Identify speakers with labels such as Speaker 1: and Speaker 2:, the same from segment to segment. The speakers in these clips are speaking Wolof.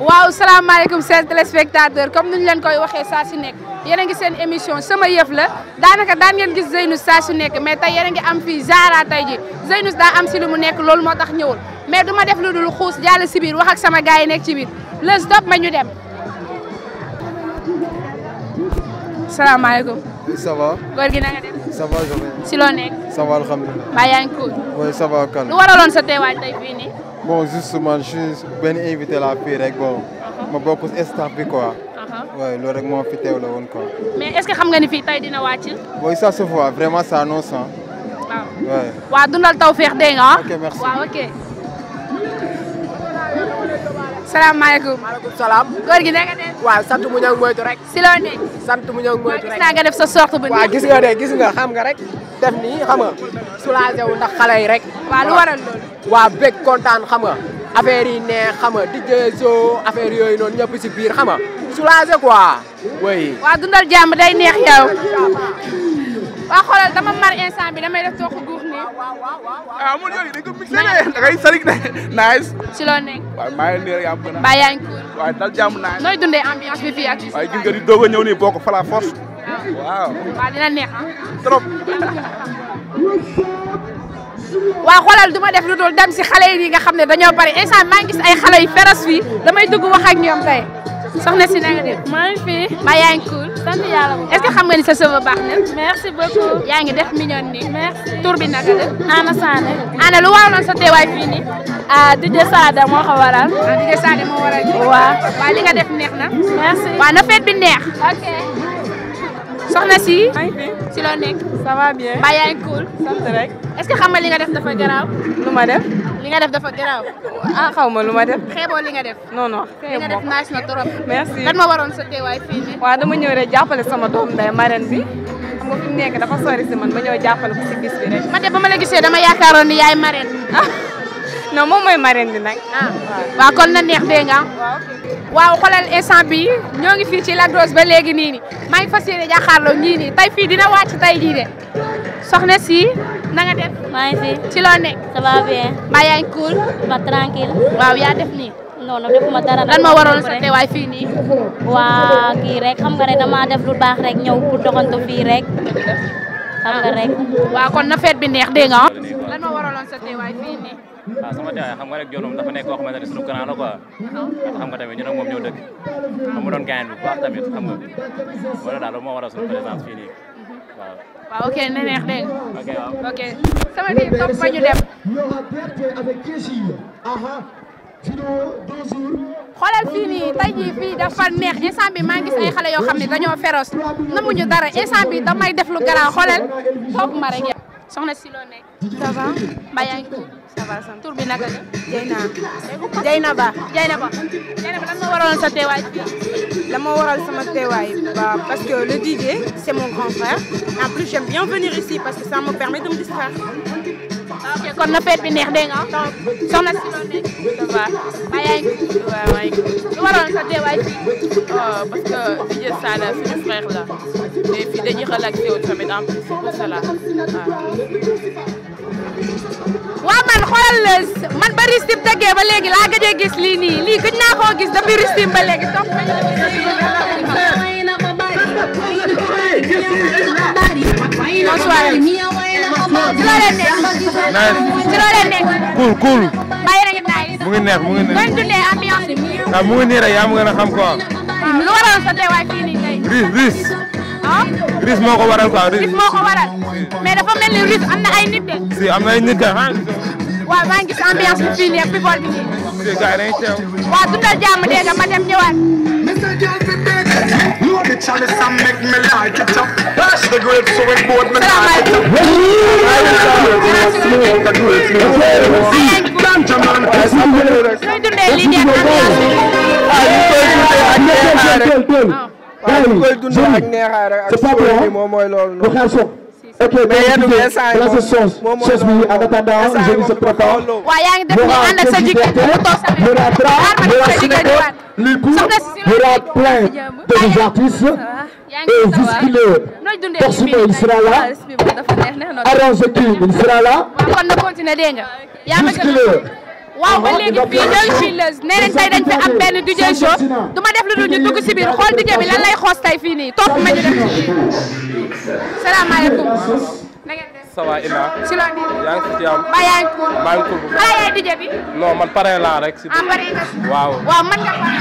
Speaker 1: waaw salaamaaleykum chers téléspectateurs comme ni ñu leen koy waxee saa su nekk yéen a ngi seen émission sama yëf la daanaka daan ngeen gis Zeynous saa su nek mais tey yéen a ngi am fii Zara tey ji Zeynous daa am si lu mu nekk loolu moo tax ñëwul mais du ma def lu dul xuus jàll biir wax ak sama gars nek nekk ci biir le stop ma ñu dem. salaamaaleykum. ça va. góor gi na nga def. ça va je vais. si loo nekk. ça va alhamdulilah. mbaa yaa ko. oui ça va kan. lu waraloon sa teewaay tey fii nii. bon justement je suis benn invité la pire rek ma bokk est staff quoi. ouais loolu rek moo fi teew la woon quoi. mais est-ce que xam nga ni fii tey dina wàcc. oui ça se voit vraiment ça annonce hein ouais waaw dundal taw feex dégg nga ah. ok merci ok. salaamaaleykum. maaleykum salaam. góor gi naka def. waaw sant mu ñëw moytu rek. si loo nekk. sant mu ñëw moytu rek gis naa nga def sa sorte bu. waaw gis nga de gis nga xam nga rek. def nii wu ndax xale yi rek. waaw lu waral loolu. waaw bég kontaan xam nga. affaire yi xam nga di jeesoo affaire yooyu noonu ñëpp si biir xam nga. soulagé quoi. oui. dundal jàmm day neex yow. waa xoolal dama mar instant bi damay def toog guux nii. ah man ne da di doog ah. lu dul dem si xale nga xam ne dañoo bari instant fi. mbaa yaa sant que xam nga ni sa sëba baax na. merci yaa ngi def mignon nii. tur bi naka la. Ana Sané. Ana lu waraloon sa teewaay fii nii. ah DJ Sada moo ko waral. ah DJ Sada moo waral. waaw waaw li nga def neex na. merci waaw na fête bi neex. soxna si. maa fi si loo nek ça va bien mbaa yaa cool. sant rek. est-ce que xam nga li nga def dafa graw luma def. li nga def dafa graw ah xawma luma def. xébo li nga def. non non li nga def naaj na trop. merci lan ma waroon sa téway fi ni wa dama ñëw rek jappalé sama doom day marraine bi. xam nga fi nek dafa sori ci man ma ñëw jappalé ko ci bis bi rek. man de bama la gissé dama yaakaaroon ni yaay marraine. Ah. non moom mooy marraine bi nag. ah kon na neex dégg nga waaw xoolal instant bi ñoo ngi fii ci la Rose ba léegi nii nii maa ngi fas yéene jàkkaarloo ñii nii tey fii dina wàcc tey jii de soxna si na nga maa ngi fi ci loo nekk. ça va bien. mbaa yaa ngi cool. ba tranquille. yaa def nii. non non defuma dara. lan moo waroon sa waay fii nii. waa kii rek xam nga ne dama def lu baax rek ñëw pour doxantu fii rek. xam nga rek. waaw kon feet bi neex dégg waaw de teewaay xam nga rek Dior moom dafa nekk koo xamante ne sunu grand la quoi. Ah. xam nga tamit ñu nag moom ñëw dëkk. xam mu doon gaañal bu baax tamit xam nga dem. xoolal fii nii fii dafa neex instant ay xale yoo xam ne dañoo féroce namuñu dara instant bi def lu garaaw xoolal topp ma soxna si Ça va? ça va. ça va Ba. lan sa lan waral sama parce que le DJ c'est mon grand frère en plus j'aime bien venir ici parce que ça me permet de me distraire. ok kon na fête bi neex dégg nga ah. soxna si loo nekk ça va maa yaa ngi waaw maa ngi lu waroon sa teewaay fii. Oh, parce que DJ Sada suñu frère la te fii dañuy relaxé wu tamit en plus c'est pour cela waaw. waaw man xoolal man ba Ristip tegee ba léegi laa gëj a gis lii nii lii gëj naa koo gis depuis Ristip ba léegi topp nañ la.
Speaker 2: bonsoir.
Speaker 1: ci loo leen nekk. ci loo leen nekk. cool cool. bàyyi na ngeen naaj. mu ngi neex mu ngi neex. bañ dundee ambiance bi. ah mu ngi nii rek yaa mu gën a xam quoi. lu waral sa teewaay fii nii tey. riz riz. ah. riz moo ko waral quoi riz. riz moo ko waral. mais dafa mel ni riz am na ay nit de. si am na ay nit de ah. waaw maa ngi gis ambiance bi fii nii ak people bi nii. si gars yi dañuy teew. waaw dundal jàmm dégg nga ma dem ñëwaat. the grapes, so it's both me not. Smoke the grapes, me not. Ganja man, I smoke the grapes. Let me tell you, I can't hear her. I can't hear her. I can't hear her. I can't hear her. I can't hear her. ok merci sos sos bi à nga tàndaaw je dis ce propos. waaw yaa ngi def ñu ànd ak sa jigéen mu toog sa biir il y aura plein de artistes et jusqu'hier Torsico il sera là Aron Sekin il sera là jusqu'hier waaw ba léegi fii ñooy Chileuse nee nañ tey dañ fi am benn DJ show du ma def lu dul ñu dugg si biir xool DJ bi lan lay xoos tey fii nii topp ma ñu def ci biir salaamaaleykum. na ngeen def ça va Ina. si la nii yaa ngi si jàmm. ba yaa ngi cool maa ngi cool bu baax ala yaay DJ bi. non man pare laa rek. si ah, biir waaw waaw man nga pare.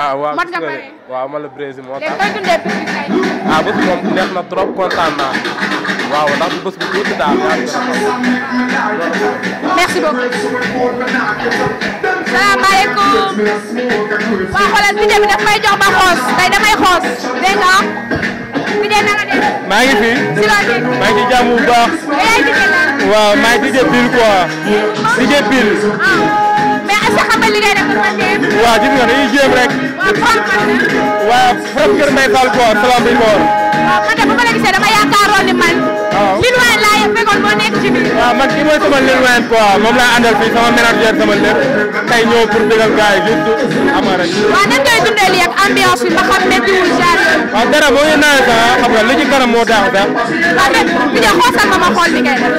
Speaker 1: ah waaw man nga pare. waaw man la Brésil moo tax. léegi koy dundee public tey. ah bés moom neex na trop kontaan naa. waaw ndax bés bu tuuti daal yaa ngi merci beaucoup. salaamaaleykum. waa xoolal bi daf may jox ma xoos tey damay xoos dégg nga bi de naka de. maa ngi fi. si la dégg ah. ah. xam nga li ngay def man de. waaw gis nga dañuy jéem rek. waaw Franck Kër. waaw Franck Kër Mbaye Fall kii mooy sama Lil Wayne quoi moom laa àndal fii sama manager sama lépp tey ñëw pour dëggal gars yi juste ama rek. waaw nan ngay dundee lii ak ambiance bi ba xam méttiwul genre. waaw dara boo ñu naan sax xam nga li ci kanam moo daax sax.
Speaker 2: waaw mais bi nga xoosal
Speaker 1: ma ma xool li ngay def.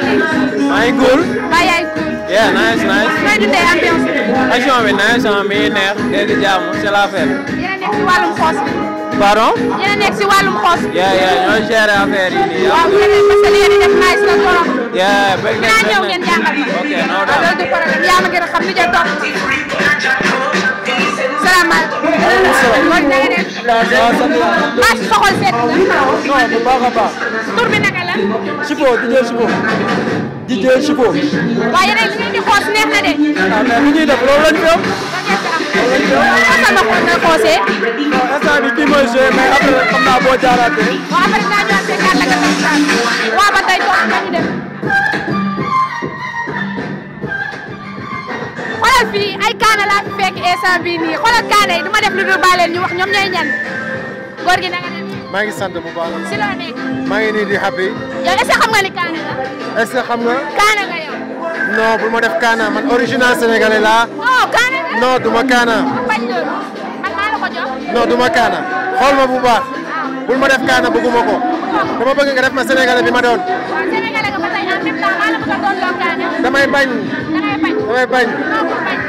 Speaker 1: maa ngi cool. maa yaay cool. yeah nice nice. ngay dundee ambiance bi. action bi nice ah mi ngi neex léegi jàmm c'est la fête. yéen a nekk si wàllum xoos bi. pardon. yéen a nekk si wàllum xoos bi. yeah yeah ñoo gérer affaire yi nii. Ah. waaw parce que li ngeen di def nice na trop. yeah bëgg nañ bëgg nañ ñëw ngeen jàngal ma. ok non non loolu du problème yaa ma gën a xam li ngeen topp. salaamaaleykum. maa ngi soxal seet. tur bi naka Chiffon di jël Chiffon di jël Chiffon waaye di xoos neex na de ah mais def loolu lañ fi am instant bi kii mooy joué mais après xam naa boo jaaraatee waaw après naa ñëwaat seen kàtt ak waaw ba tey toog nañu dem xoolal fii ay kaana laa fi fekk instant bii nii xoolal kaana yi def lu ñu wax ñan gi na nga maa ngi sant bu maa ngi nii di happy. yow est-ce que xam nga ni kaana la. est-ce kaana bu ma def kaana man original sénégalais laa. oh kaana nga. du ma kaana. xool ma bu baax. Ah. bul ma def kaana bëgguma ko. dama bëgg nga def ma sénégalais bi ma doon. waaw sénégalais nga ba tey en même temps maa la bëgg a doon kaana. damay bañ.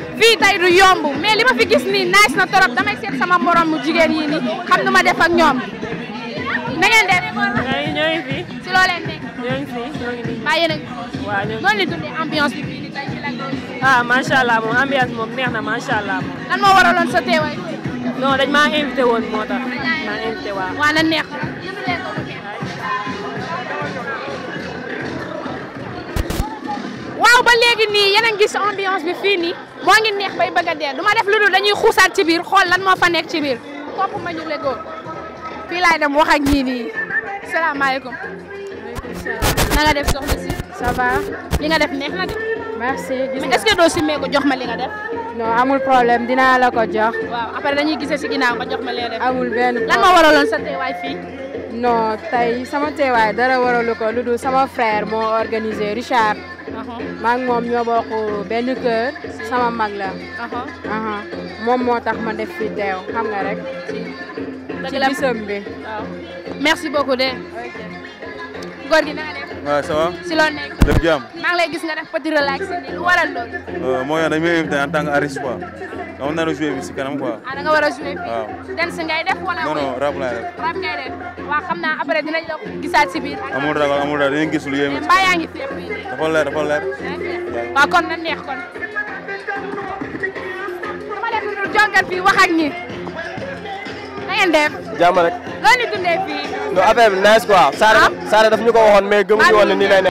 Speaker 1: fii tey du yomb mais li ma fi gis nii nice na torop damay seet sama morom mu jigéen yi nii xam nu ma def ak na ngeen def. ñoo ngi fi. si loo leen nekk. ñoo ngi fi ñoo ngi nii. ambiance bi fii ah, allah moom ambiance moom neex na macha allah moom. lan moo waraloon sa teewaay. non dañ maa invité woon moo tax. maa invité waaw. waa na neex. ba legui ni yéen a ngi gis ambiance bi fii nii ngi neex bay bëgg dé duma def loolu dañuy xuusaat ci biir xol lan mo fa nekk ci biir top ma ñu lego fi lay dem wax ak ni assalamu alaykum na nga def soxna ci ça va. li nga def neex na de. merci. mais est-ce que do simé ko jox ma li nga def. non amul problème dina la ko jox. waaw après dañuy gisé ci ginaaw ko jox ma lé def. amul ben. lan mo waralon sa way fi non tay sama way dara waraluko ko sama frère mo organiser Richard. Uh-huh. maa mom moom ñoo bokk benn sama mag la aha. Uh-huh. Uh-huh. Mom tax ma def fi teew xam nga rek ci merci beaucoup de góor gi na ya. nga def. waaw ça va. si loo nekk. def jàmm. maa ngi lay gis nga def petit relax nii lu waral loolu. Euh, mooy dañ may invité en tant que artiste quoi. dama nar a joué bi si kanam quoi. ah da nga war a joué fii. waaw dance ngay def wala. non non rap laay def. rap ngay def waaw xam naa après dinañ la gisaat si biir. amul ragal amul ragal dinañ gis lu yéeme. mais mbaa yaa ngi fépp yi. dafa leer dafa leer. waaw kon na neex kon. ma leen jongal fii wax ak ñi. ngeen def. jàmm rek. loo ñu dundee fii. non affaire bi nice quoi. Saare ah. Saare daf ñu ko waxoon mais gëmuñu woon ne nii lay nekk.